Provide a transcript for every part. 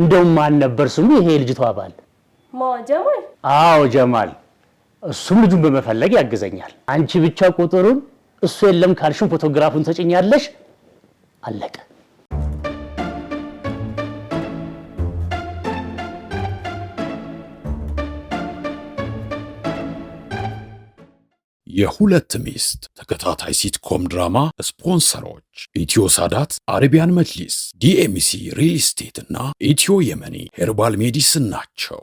እንደውም ማን ነበር ስሙ? ይሄ ልጅቷ ባል ጀማል። አዎ ጀማል። እሱም ልጁን በመፈለግ ያግዘኛል። አንቺ ብቻ ቁጥሩን እሱ የለም ካልሽም ፎቶግራፉን ተጭኛለሽ። አለቀ። የሁለት ሚስት ተከታታይ ሲትኮም ድራማ ስፖንሰሮች ኢትዮ ሳዳት፣ አረቢያን መጅሊስ፣ ዲኤምሲ ሪል ስቴት እና ኢትዮ የመኒ ሄርባል ሜዲስን ናቸው።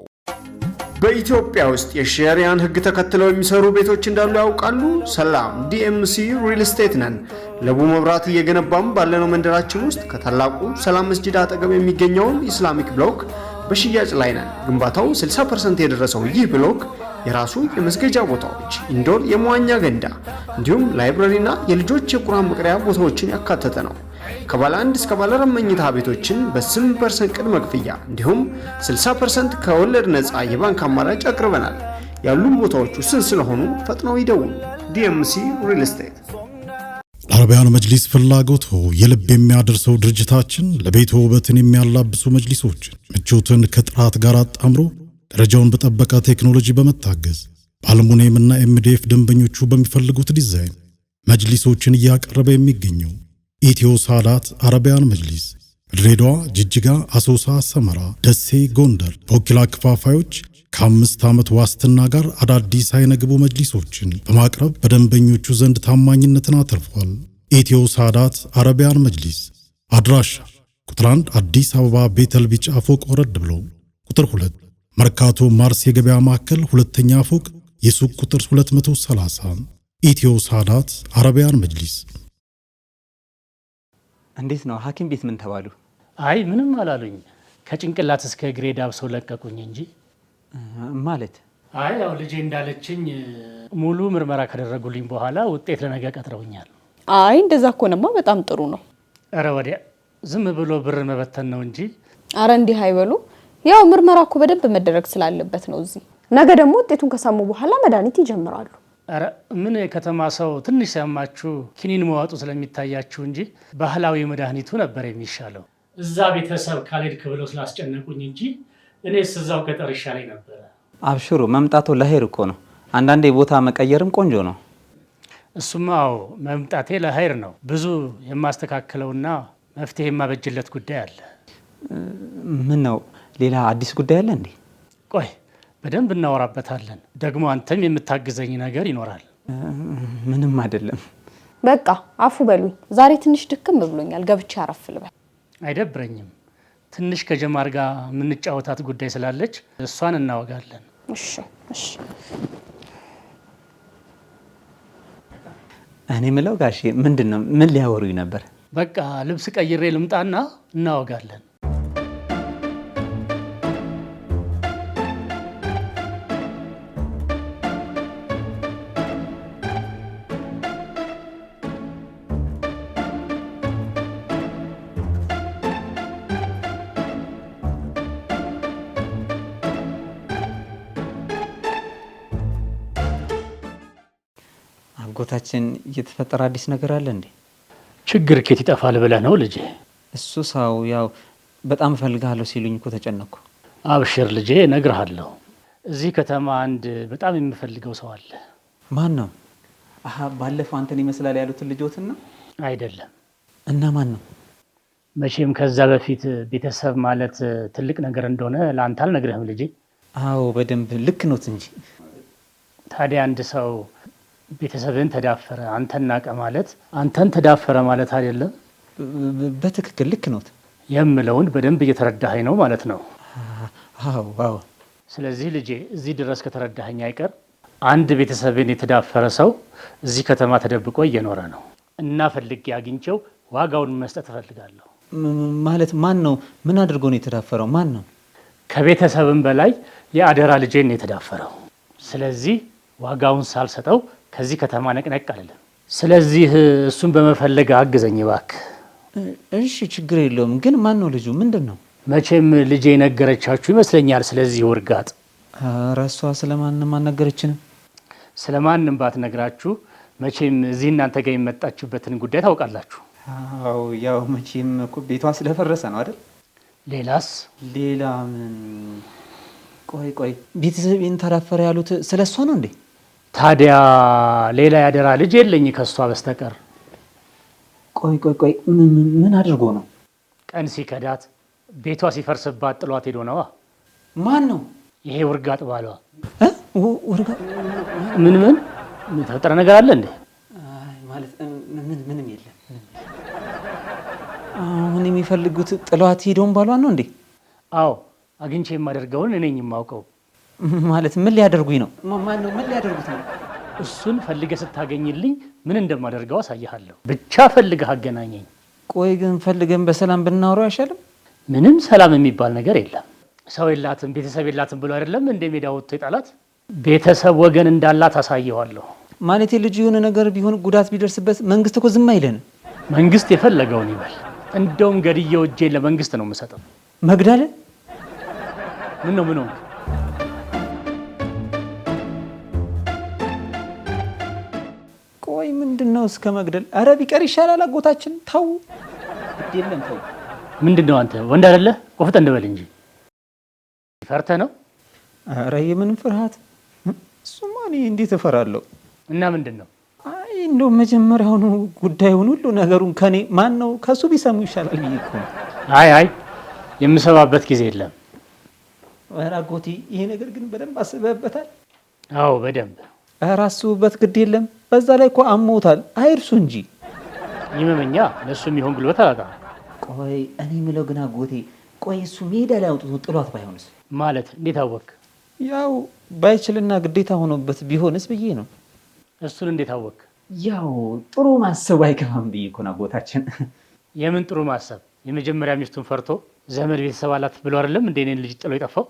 በኢትዮጵያ ውስጥ የሸሪያን ሕግ ተከትለው የሚሰሩ ቤቶች እንዳሉ ያውቃሉ? ሰላም፣ ዲኤምሲ ሪል ስቴት ነን። ለቡ መብራት እየገነባም ባለነው መንደራችን ውስጥ ከታላቁ ሰላም መስጂድ አጠገብ የሚገኘውን ኢስላሚክ ብሎክ በሽያጭ ላይ ነን። ግንባታው 60% የደረሰው ይህ ብሎክ የራሱ የመስገጃ ቦታዎች፣ ኢንዶር የመዋኛ ገንዳ እንዲሁም ላይብረሪና የልጆች የቁርአን መቅሪያ ቦታዎችን ያካተተ ነው። ከባለ አንድ እስከ ባለ አራት መኝታ ቤቶችን በ8% ቅድመ ክፍያ እንዲሁም 60% ከወለድ ነፃ የባንክ አማራጭ አቅርበናል። ያሉን ቦታዎች ውስን ስለሆኑ ፈጥነው ይደውሉ። ዲኤምሲ ሪል ስቴት ለአረቢያኑ መጅሊስ ፍላጎት የልብ የሚያደርሰው ድርጅታችን ለቤት ውበትን የሚያላብሱ መጅሊሶችን ምቾትን ከጥራት ጋር አጣምሮ ደረጃውን በጠበቀ ቴክኖሎጂ በመታገዝ በአልሙኒየም እና ኤምዲኤፍ ደንበኞቹ በሚፈልጉት ዲዛይን መጅሊሶችን እያቀረበ የሚገኘው ኢትዮ ሳዳት አረቢያን መጅሊስ በድሬዳዋ፣ ጅጅጋ፣ አሶሳ፣ ሰመራ፣ ደሴ፣ ጎንደር በወኪላ ክፋፋዮች ከአምስት ዓመት ዋስትና ጋር አዳዲስ ግቡ መጅሊሶችን በማቅረብ በደንበኞቹ ዘንድ ታማኝነትን አትርፏል። ኢትዮ ሳዳት አረቢያን መጅሊስ አድራሻ ቁጥር 1 አዲስ አበባ ቤተል ቢጫ ፎቅ ወረድ ብሎ፣ ቁጥር 2 መርካቶ ማርስ የገበያ ማዕከል ሁለተኛ ፎቅ የሱቅ ቁጥር 230 ኢትዮ ሳዳት አረቢያን መጅሊስ። እንዴት ነው ሐኪም ቤት ምን ተባሉ? አይ ምንም አላሉኝ። ከጭንቅላት እስከ እግሬ ዳብሰው ለቀቁኝ እንጂ ማለት አይ ያው ልጄ እንዳለችኝ ሙሉ ምርመራ ከደረጉልኝ በኋላ ውጤት ለነገ ቀጥረውኛል። አይ እንደዛ ከሆነማ በጣም ጥሩ ነው። ኧረ ወዲያ ዝም ብሎ ብር መበተን ነው እንጂ አረ እንዲህ አይበሉ። ያው ምርመራ እኮ በደንብ መደረግ ስላለበት ነው እዚህ። ነገ ደግሞ ውጤቱን ከሰሙ በኋላ መድኃኒት ይጀምራሉ። አረ ምን የከተማ ሰው ትንሽ ሲያማችሁ ኪኒን መዋጡ ስለሚታያችሁ እንጂ ባህላዊ መድኃኒቱ ነበር የሚሻለው። እዛ ቤተሰብ ካልሄድክ ብለው ስላስጨነቁኝ እንጂ እኔስ እዛው ገጠር ይሻለኝ ነበረ። አብሽሩ መምጣቱ ለሀይር እኮ ነው። አንዳንዴ ቦታ መቀየርም ቆንጆ ነው። አዎ፣ መምጣቴ ለሀይር ነው። ብዙ የማስተካከለውና መፍትሄ የማበጅለት ጉዳይ አለ። ምን ነው? ሌላ አዲስ ጉዳይ አለ እንዴ? ቆይ በደንብ እናወራበታለን። ደግሞ አንተም የምታግዘኝ ነገር ይኖራል። ምንም አይደለም። በቃ አፉ በሉኝ። ዛሬ ትንሽ ድክም ብሎኛል። ገብቼ አረፍ ልበል። አይደብረኝም ትንሽ ከጀማር ጋር የምንጫወታት ጉዳይ ስላለች እሷን እናወጋለን። እኔ ምለው ጋሼ ምንድን ነው ምን ሊያወሩኝ ነበር? በቃ ልብስ ቀይሬ ልምጣና እናወጋለን። በህይወታችን እየተፈጠረ አዲስ ነገር አለ እንዴ? ችግር ኬት ይጠፋል ብለህ ነው ልጄ? እሱ ሰው ያው በጣም እፈልግሃለሁ ሲሉኝ እኮ ተጨነኩ። አብሽር ልጄ እነግርሃለሁ። እዚህ ከተማ አንድ በጣም የምፈልገው ሰው አለ። ማን ነው? አሀ ባለፈው አንተን ይመስላል ያሉትን ልጆትን ነው? አይደለም። እና ማን ነው? መቼም ከዛ በፊት ቤተሰብ ማለት ትልቅ ነገር እንደሆነ ለአንተ አልነግርህም ልጄ። አዎ በደንብ ልክ ኖት እንጂ ታዲያ አንድ ሰው ቤተሰብን ተዳፈረ አንተን ናቀ ማለት አንተን ተዳፈረ ማለት አይደለም። በትክክል ልክ ነው የምለውን በደንብ እየተረዳኸኝ ነው ማለት ነው። ስለዚህ ልጄ እዚህ ድረስ ከተረዳኸኝ አይቀር አንድ ቤተሰብን የተዳፈረ ሰው እዚህ ከተማ ተደብቆ እየኖረ ነው እና ፈልጌ አግኝቼው ዋጋውን መስጠት እፈልጋለሁ። ማለት ማን ነው? ምን አድርጎ ነው የተዳፈረው? ማን ነው? ከቤተሰብም በላይ የአደራ ልጄን ነው የተዳፈረው። ስለዚህ ዋጋውን ሳልሰጠው ከዚህ ከተማ ነቅነቅ አለ። ስለዚህ እሱን በመፈለግ አግዘኝ ባክ እሺ ችግር የለውም ግን ማን ነው ልጁ? ምንድን ነው? መቼም ልጄ የነገረቻችሁ ይመስለኛል። ስለዚህ ውርጋጥ ረሷ ስለማንም አልነገረችንም። ስለማንም ባትነግራችሁ መቼም እዚህ እናንተ ጋር የመጣችሁበትን ጉዳይ ታውቃላችሁ። አዎ ያው መቼም እኮ ቤቷ ስለፈረሰ ነው አይደል? ሌላስ? ሌላ ምን? ቆይ ቆይ ቤተሰብ ተዳፈረ ያሉት ስለሷ ነው እንዴ? ታዲያ ሌላ ያደራ ልጅ የለኝ ከእሷ በስተቀር። ቆይ ቆይ ቆይ ምን አድርጎ ነው? ቀን ሲከዳት ቤቷ ሲፈርስባት ጥሏት ሄዶ ነዋ። ማን ነው ይሄ? ውርጋጥ ባሏ። ምን ምን ተፈጠረ ነገር አለ እንዴ? ማለት ምንም የለም። አሁን የሚፈልጉት ጥሏት ሄዶን ባሏ ነው እንዴ? አዎ አግኝቼ የማደርገውን እኔኝ የማውቀው ማለት ምን ሊያደርጉኝ ነው? ማን ነው? ምን ሊያደርጉት ነው? እሱን ፈልገ ስታገኝልኝ ምን እንደማደርገው አሳይሃለሁ። ብቻ ፈልገህ አገናኘኝ። ቆይ ግን ፈልገን በሰላም ብናወረው አይሻልም? ምንም ሰላም የሚባል ነገር የለም። ሰው የላትም ቤተሰብ የላትም ብሎ አይደለም እንደ ሜዳ ወጥቶ የጣላት ቤተሰብ ወገን እንዳላት አሳየዋለሁ። ማለት ልጁ የሆነ ነገር ቢሆን ጉዳት ቢደርስበት መንግስት እኮ ዝም አይለን። መንግስት የፈለገውን ይበል። እንደውም ገድየው እጄን ለመንግስት ነው የምሰጠው። መግዳለን ምን ነው ምን ወይ ምንድን ነው እስከ መግደል? አረ ቢቀር ይሻላል። አጎታችን ተው፣ የለም ተው። ምንድን ነው አንተ ወንድ አይደለ? ቆፍጠን በል እንጂ ፈርተ ነው? አረ የምን ፍርሃት እሱማ፣ እኔ እንዴት እፈራለሁ? እና ምንድን ነው አይ እንደው መጀመሪያውኑ ጉዳዩን ሁሉ ነገሩን ከኔ ማን ነው ከሱ ቢሰሙ ይሻላል ብዬ እኮ ነው። አይ አይ የምሰባበት ጊዜ የለም። አጎቴ ይሄ ነገር ግን በደንብ አስበህበታል? አዎ በደንብ ኧረ አስቡበት፣ ግድ የለም በዛ ላይ እኮ አሞታል፣ አይርሱ እንጂ ይመመኛ ለእሱ የሚሆን ጉልበት አላጣ። ቆይ እኔ የምለው ግን አጎቴ፣ ቆይ እሱ ሜዳ ላይ አውጥቶ ጥሏት ባይሆንስ? ማለት እንዴት አወቅ? ያው ባይችልና ግዴታ ሆኖበት ቢሆንስ ብዬ ነው። እሱን እንዴት አወቅ? ያው ጥሩ ማሰብ አይከፋም ብዬ እኮ ነው አጎታችን። የምን ጥሩ ማሰብ? የመጀመሪያ ሚስቱን ፈርቶ ዘመድ ቤተሰብ አላት ብሎ አይደለም እንደ እኔን ልጅ ጥሎ የጠፋው?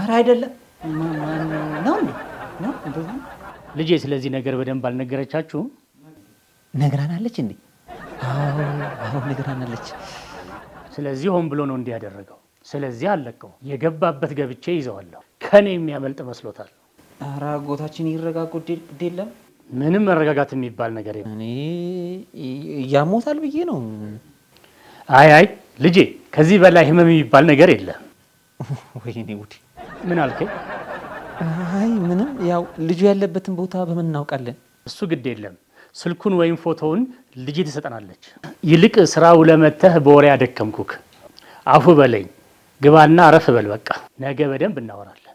ኧረ አይደለም ነው ልጄ ስለዚህ ነገር በደንብ አልነገረቻችሁም? ነግራናለች እንዴ? አዎ ነግራናለች። ስለዚህ ሆን ብሎ ነው እንዲህ ያደረገው። ስለዚህ አለቀው የገባበት ገብቼ ይዘዋለሁ። ከኔ የሚያመልጥ መስሎታል። ኧረ አጎታችን ይረጋጉ። የለም ምንም መረጋጋት የሚባል ነገር እኔ ያሞታል ብዬ ነው። አይ አይ ልጄ፣ ከዚህ በላይ ህመም የሚባል ነገር የለም። ወይኔ ውዴ፣ ምን አልከኝ? አይ ምንም ያው ልጁ ያለበትን ቦታ በምን እናውቃለን? እሱ ግድ የለም ስልኩን ወይም ፎቶውን ልጅ ትሰጠናለች። ይልቅ ስራው ለመተህ በወሬ አደከምኩክ፣ አፉ በለኝ ግባና አረፍ በል በቃ። ነገ በደንብ እናወራለን።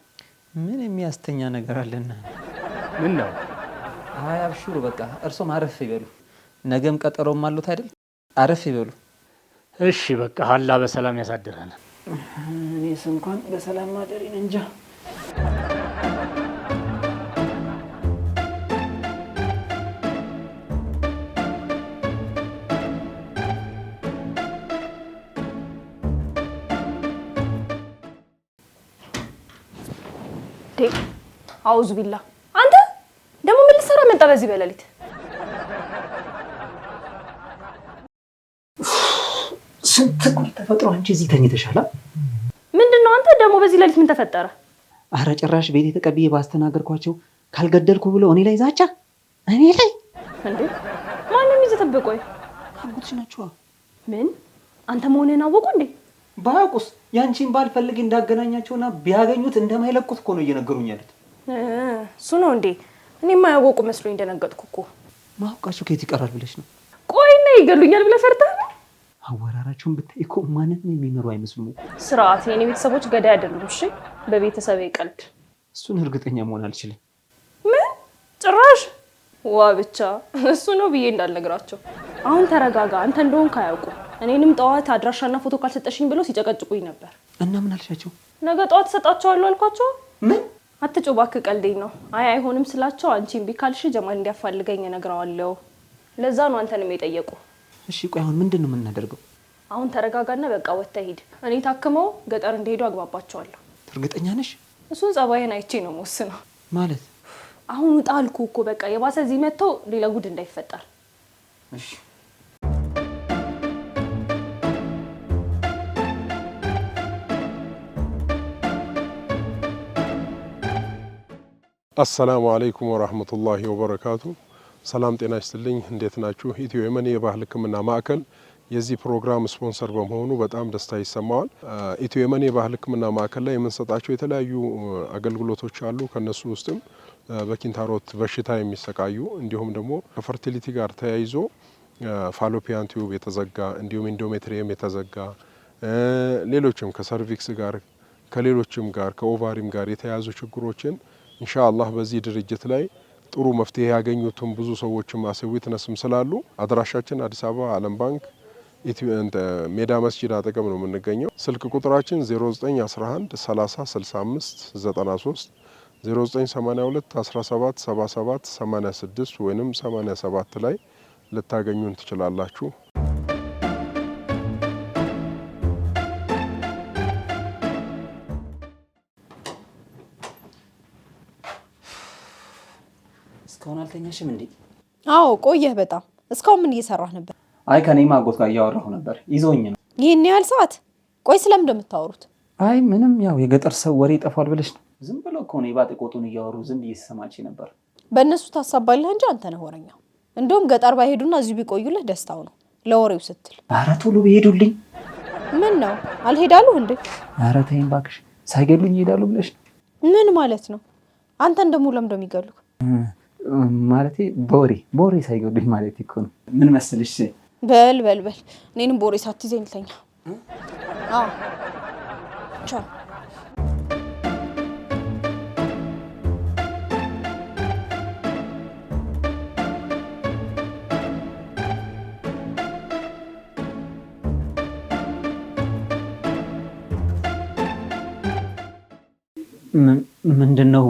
ምን የሚያስተኛ ነገር አለና? ምን ነው? አይ አብሽሩ በቃ እርሶም አረፍ ይበሉ። ነገም ቀጠሮም አሉት አይደል? አረፍ ይበሉ። እሺ በቃ አላህ በሰላም ያሳድረን። እኔስ እንኳን በሰላም ማደሪን እንጃ። አውዝ ቢላ አንተ ደግሞ ምን ልትሰራ መጣ በዚህ በሌሊት? ስንት ጉድ ተፈጥሮ አንቺ እዚህ ተኝተሻላ? ምንድን ነው አንተ ደግሞ በዚህ ሌሊት ምን ተፈጠረ? አረ ጭራሽ ቤቴ ተቀብዬ ባስተናገርኳቸው ካልገደልኩ ብለው እኔ ላይ ዛቻ፣ እኔ ላይ እንዴ! ማንም ይዘተበቆይ አጉትሽ ናቸዋ። ምን አንተ መሆንህን አወቁ እንዴ? ባያውቁስ ያንቺን ባልፈልግ እንዳገናኛቸውና ቢያገኙት እንደማይለቁት እኮ ነው እየነገሩኝ ያሉት። እሱ ነው እንዴ? እኔ ማያወቁ መስሎኝ እንደነገጥኩ እኮ። ማወቃቸው ከየት ይቀራል ብለሽ ነው? ቆይና ይገሉኛል ብለህ ፈርተህ አወራራቸውን ብታይ እኮ ማንንም የሚመሩ አይመስሉም። ስርዓት የኔ ቤተሰቦች ገዳይ አይደሉም። እሺ፣ በቤተሰብ ቀልድ እሱን እርግጠኛ መሆን አልችልም። ምን ጭራሽ ዋ ብቻ እሱ ነው ብዬ እንዳልነግራቸው። አሁን ተረጋጋ። አንተ እንደሆን ካያውቁ እኔንም ጠዋት አድራሻና ፎቶ ካልሰጠሽኝ ብለው ሲጨቀጭቁኝ ነበር እና ምን አልሻቸው? ነገ ጠዋት ሰጣቸዋለሁ አልኳቸው። ምን አትጮህ እባክህ፣ ቀልደኝ ነው። አይ አይሆንም ስላቸው አንቺ እምቢ ካልሽ ጀማል እንዲያፋልገኝ እነግረዋለሁ። ለዛ ነው አንተንም የጠየቁ እሺ ቆይ አሁን ምንድን ነው የምናደርገው? አሁን ተረጋጋና በቃ ወጥተህ ሂድ። እኔ ታክመው ገጠር እንደሄዱ አግባባቸዋለሁ። እርግጠኛ ነሽ? እሱን ጸባይን አይቼ ነው የምወስነው። ማለት አሁን ውጣ እኮ በቃ የባሰ እዚህ መጥተው ሌላ ጉድ እንዳይፈጠር። እሺ አሰላሙ አለይኩም ወራህመቱላሂ ወበረካቱ ሰላም ጤና ይስጥልኝ። እንዴት ናችሁ? ኢትዮ የመን የባህል ሕክምና ማዕከል የዚህ ፕሮግራም ስፖንሰር በመሆኑ በጣም ደስታ ይሰማዋል። ኢትዮ የመን የባህል ሕክምና ማዕከል ላይ የምንሰጣቸው የተለያዩ አገልግሎቶች አሉ። ከነሱ ውስጥም በኪንታሮት በሽታ የሚሰቃዩ እንዲሁም ደግሞ ከፈርቲሊቲ ጋር ተያይዞ ፋሎፒያን ቲዩብ የተዘጋ እንዲሁም ኢንዶሜትሪየም የተዘጋ ሌሎችም ከሰርቪክስ ጋር ከሌሎችም ጋር ከኦቫሪም ጋር የተያያዙ ችግሮችን ኢንሻ አላህ በዚህ ድርጅት ላይ ጥሩ መፍትሄ ያገኙትም ብዙ ሰዎችም አስዊት ነስም ስላሉ አድራሻችን አዲስ አበባ ዓለም ባንክ ሜዳ መስጂድ አጠገብ ነው የምንገኘው። ስልክ ቁጥራችን 0911 30 65 93 0982 17 77 86 ወይም 87 ላይ ልታገኙን ትችላላችሁ። አልተኛሽም እንዴ? አዎ ቆየህ በጣም እስካሁን ምን እየሰራህ ነበር? አይ ከኔ ማጎት ጋር እያወራሁ ነበር ይዞኝ ነው። ይህን ያህል ሰዓት ቆይ ስለምን እንደምታወሩት? አይ ምንም ያው የገጠር ሰው ወሬ ይጠፋል ብለሽ ነው። ዝም ብሎ እኮ ነው የባጤ ቆጡን እያወሩ ዝም እየተሰማች ነበር። በእነሱ ታሳባለህ እንጂ አንተ ነህ ወረኛው እንደውም ገጠር ባይሄዱና እዚሁ ቢቆዩልህ ደስታው ነው ለወሬው ስትል። ኧረ ቶሎ ቢሄዱልኝ ምን ነው አልሄዳሉ እንዴ? ኧረ ተይኝ እባክሽ ሳይገሉኝ ይሄዳሉ ብለሽ ምን ማለት ነው? አንተን ደግሞ ለምን እንደሚገሉህ ማለት ቦሬ ቦሬ ሳይገዱኝ ማለት እኮ ነው። ምን መሰልሽ? በል በል በል እኔንም ቦሬ ሳትይዘኝ ልተኛ። ምንድን ነው?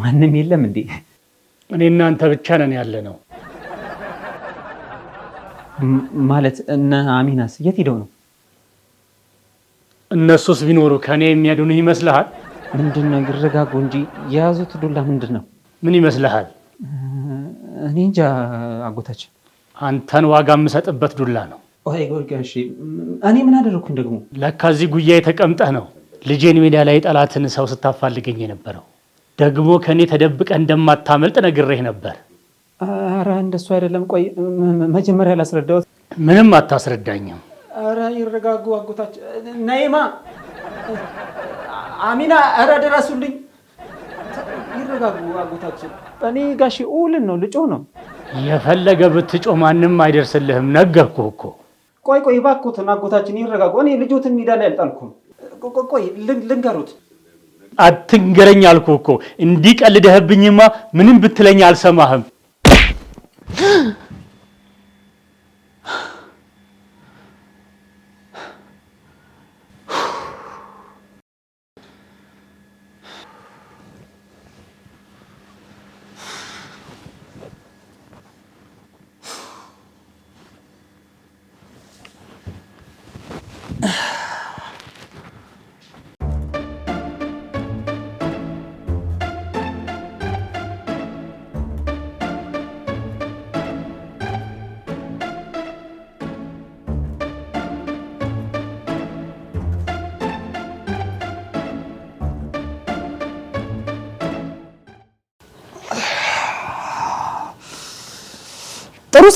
ማንም የለም እንዴ? እኔ እናንተ ብቻ ነን ያለ ነው ማለት። እነ አሚናስ የት ሄደው ነው? እነሱስ ቢኖሩ ከእኔ የሚያድኑ ይመስልሃል? ምንድን ነው ይረጋጉ እንጂ የያዙት ዱላ ምንድን ነው? ምን ይመስልሃል? እኔ እንጃ አጎታችን። አንተን ዋጋ የምሰጥበት ዱላ ነው። እኔ ምን አደረግኩኝ ደግሞ? ለካ እዚህ ጉያዬ ነው ልጄን ሜዳ ላይ ጠላትን ሰው ስታፋልገኝ የነበረው ደግሞ ከእኔ ተደብቀ እንደማታመልጥ ነግሬህ ነበር። አረ እንደሱ አይደለም። ቆይ መጀመሪያ ላስረዳዎት። ምንም አታስረዳኝም። አረ ይረጋጉ አጎታችን። ነይማ አሚና፣ አረ ድረሱልኝ። ይረጋጉ አጎታችን። እኔ ጋሽ ኡልን ነው ልጮ ነው የፈለገ ብትጮ ማንም አይደርስልህም። ነገርኩ እኮ። ቆይ ቆይ፣ እባክዎትን አጎታችን ይረጋጉ። እኔ ልጆትን ሜዳ ላይ አልጣልኩም። ቆይ ልንገሩት አትንገረኝ አልኩ እኮ እንዲህ ምንም ብትለኝ አልሰማህም።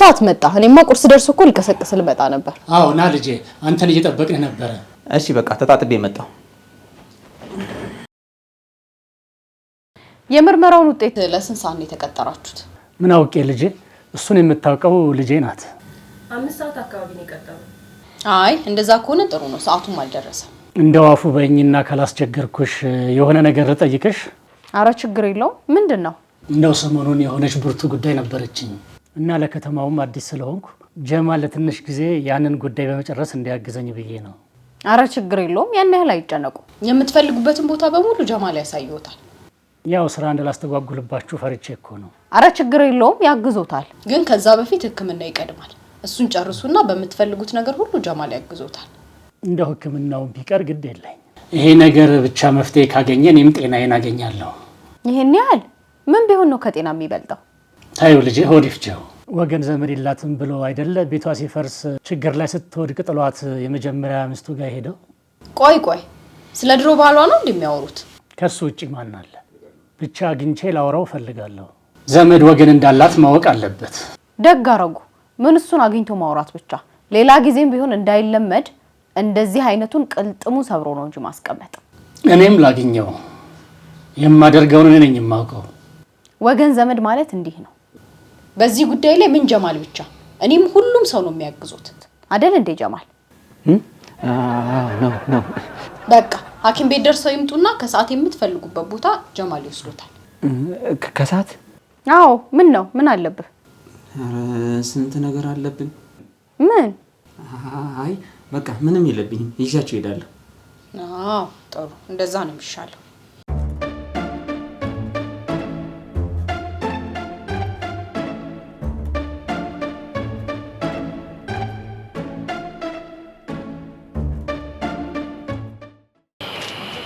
ሰዓት መጣ። እኔማ ቁርስ ደርሶ እኮ ሊቀሰቅስ ልመጣ ነበር። አዎ ና ልጄ፣ አንተን እየጠበቅን ነበረ። እሺ በቃ ተጣጥቤ መጣሁ። የምርመራውን ውጤት ለስንት ሰዓት ነው የተቀጠራችሁት? ምን አውቄ ልጄ፣ እሱን የምታውቀው ልጄ ናት። አምስት ሰዓት አካባቢ ነው የቀጠሩ። አይ እንደዛ ከሆነ ጥሩ ነው፣ ሰዓቱም አልደረሰም። እንደው አፉ በእኝና ካላስቸገርኩሽ የሆነ ነገር ልጠይቅሽ። አረ ችግር የለውም። ምንድን ነው? እንደው ሰሞኑን የሆነች ብርቱ ጉዳይ ነበረችኝ እና ለከተማውም አዲስ ስለሆንኩ ጀማ ለትንሽ ጊዜ ያንን ጉዳይ በመጨረስ እንዲያግዘኝ ብዬ ነው። አረ ችግር የለውም፣ ያን ያህል አይጨነቁ። የምትፈልጉበትን ቦታ በሙሉ ጀማል ያሳይዎታል። ያው ስራ እንዳላስተጓጉልባችሁ ፈርቼ እኮ ነው። አረ ችግር የለውም፣ ያግዞታል። ግን ከዛ በፊት ህክምና ይቀድማል። እሱን ጨርሱና በምትፈልጉት ነገር ሁሉ ጀማል ያግዞታል። እንደው ሕክምናውን ቢቀር ግድ የለኝ። ይሄ ነገር ብቻ መፍትሄ ካገኘ እኔም ጤናዬን አገኛለሁ። ይህን ያህል ምን ቢሆን ነው ከጤና የሚበልጠው? ታዩ ልጅ ሆድ ወገን ዘመድ የላትም ብሎ አይደለ ቤቷ ሲፈርስ ችግር ላይ ስትወድቅ ጥሏት የመጀመሪያ ሚስቱ ጋር ሄደው። ቆይ ቆይ ስለ ድሮ ባሏ ነው እንደሚያወሩት? ከሱ ውጭ ማን አለ? ብቻ አግኝቼ ላውራው እፈልጋለሁ። ዘመድ ወገን እንዳላት ማወቅ አለበት። ደግ አረጉ። ምን እሱን አግኝቶ ማውራት ብቻ። ሌላ ጊዜም ቢሆን እንዳይለመድ እንደዚህ አይነቱን ቅልጥሙ ሰብሮ ነው እንጂ ማስቀመጥ። እኔም ላግኘው የማደርገውን እኔ ነኝ የማውቀው። ወገን ዘመድ ማለት እንዲህ ነው። በዚህ ጉዳይ ላይ ምን ጀማል ብቻ እኔም ሁሉም ሰው ነው የሚያግዙት አደል እንዴ ጀማል በቃ ሀኪም ቤት ደርሰው ይምጡና ከሰዓት የምትፈልጉበት ቦታ ጀማል ይወስዶታል ከሰዓት አዎ ምን ነው ምን አለብህ ስንት ነገር አለብን ምን አይ በቃ ምንም የለብኝም ይዣቸው ይሄዳለሁ ጥሩ እንደዛ ነው የሚሻለው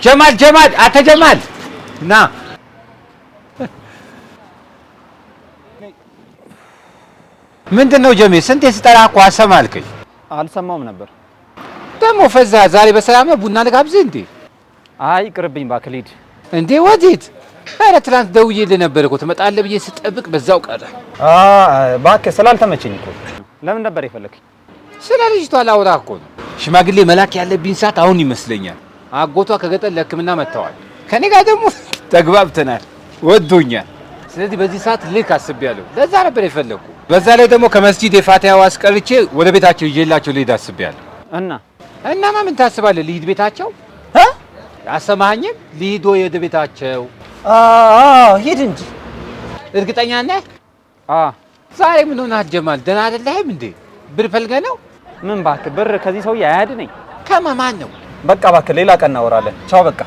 ጀማል ጀማል አተ ጀማል ና ምንድን ነው ጀሜ? ስንቴ ስጠራ እኮ አልሰማ አልከኝ። አልሰማውም ነበር ደግሞ ፈዛ። ዛሬ በሰላም ነው? ቡና ልጋብዝህ እንዴ? አይ ቅርብኝ እባክህ ልሂድ። እንዴ ወዴት? ኧረ ትናንት ደውዬልህ ነበር እኮ ትመጣለህ ብዬ ስጠብቅ በዛው ቀረ። እባክህ ስላልተመቸኝ እኮ። ለምን ነበር የፈለግኝ? ስለ ልጅቷ ላውራህ እኮ ነው። ሽማግሌ መላክ ያለብኝ ሰዓት አሁን ይመስለኛል። አጎቷ ከገጠር ለሕክምና መጥተዋል። ከኔ ጋር ደግሞ ተግባብተናል፣ ወዶኛል። ስለዚህ በዚህ ሰዓት ልክ አስቤያለሁ። ለዛ ነበር የፈለግኩ። በዛ ላይ ደግሞ ከመስጂድ የፋቲያው አስቀርቼ ወደ ቤታቸው ይዤላቸው ልሄድ አስቤያለሁ። እና እናማ ምን ታስባለህ? ልሂድ ቤታቸው አሰማኸኝም? ልሂድ ወይ ወደ ቤታቸው? ሂድ እንጂ። እርግጠኛ ነህ? ዛሬ ምን ሆነ ጀማል? ደህና አይደለህም እንዴ? ብር ፈልገህ ነው? ምን እባክህ ብር ከዚህ ሰውዬ አያድነኝ። ከማማን ነው በቃ እባክህ ሌላ ቀን እናወራለን። ቻው በቃ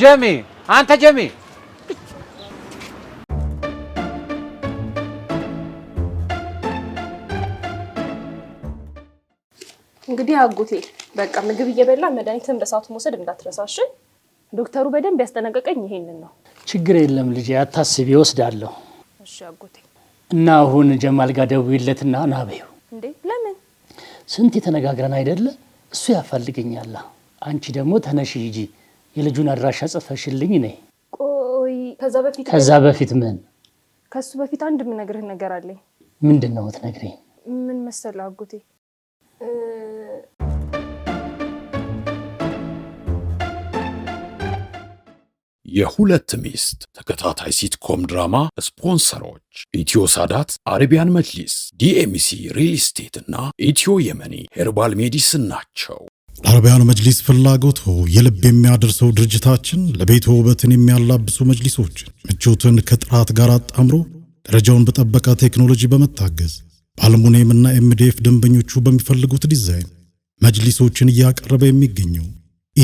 ጀሚ፣ አንተ ጀሚ እንግዲህ አጎቴ በቃ ምግብ እየበላ መድኃኒትም በሰዓቱ መውሰድ እንዳትረሳሽ። ዶክተሩ በደንብ ያስጠነቀቀኝ ይሄንን ነው። ችግር የለም ልጄ፣ አታስቢ፣ ይወስዳለሁ። እሺ አጎቴ። እና አሁን ጀማል ጋር ደውይለትና ናበዩ እንዴ ስንት የተነጋግረን አይደለ? እሱ ያፋልገኛላ። አንቺ ደግሞ ተነሽ ሂጂ፣ የልጁን አድራሻ ጽፈሽልኝ ነይ። ቆይ ከዛ በፊት ከዛ በፊት ምን ከሱ በፊት አንድ የምነግርህ ነገር አለኝ። ምንድን ነው ምን መሰለህ አጎቴ የሁለት ሚስት ተከታታይ ሲትኮም ድራማ ስፖንሰሮች ኢትዮ ሳዳት፣ አረቢያን መጅሊስ፣ ዲኤምሲ ሪል ስቴት እና ኢትዮ የመኒ ሄርባል ሜዲስን ናቸው። አረቢያን መጅሊስ ፍላጎቶ የልብ የሚያደርሰው ድርጅታችን ለቤቶ ውበትን የሚያላብሱ መጅሊሶችን ምቾትን ከጥራት ጋር አጣምሮ ደረጃውን በጠበቀ ቴክኖሎጂ በመታገዝ እና ኤምዲኤፍ ደንበኞቹ በሚፈልጉት ዲዛይን መጅሊሶችን እያቀረበ የሚገኘው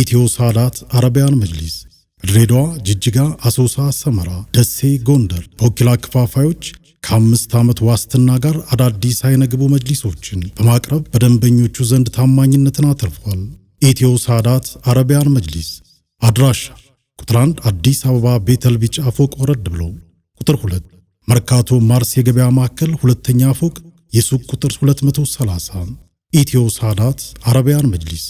ኢትዮ ሳዳት አረቢያን መጅሊስ ድሬዳዋ፣ ጅጅጋ፣ አሶሳ፣ ሰመራ፣ ደሴ፣ ጎንደር በወኪላ ክፋፋዮች ከአምስት ዓመት ዋስትና ጋር አዳዲስ አይነግቡ መጅሊሶችን በማቅረብ በደንበኞቹ ዘንድ ታማኝነትን አትርፏል። ኢትዮ ሳዳት አረቢያን መጅሊስ አድራሻ ቁጥር 1 አዲስ አበባ ቤተል ቢጫ ፎቅ ወረድ ብሎ፣ ቁጥር 2 መርካቶ ማርስ የገበያ ማዕከል ሁለተኛ ፎቅ የሱቅ ቁጥር 230 ኢትዮ ሳዳት አረቢያን መጅሊስ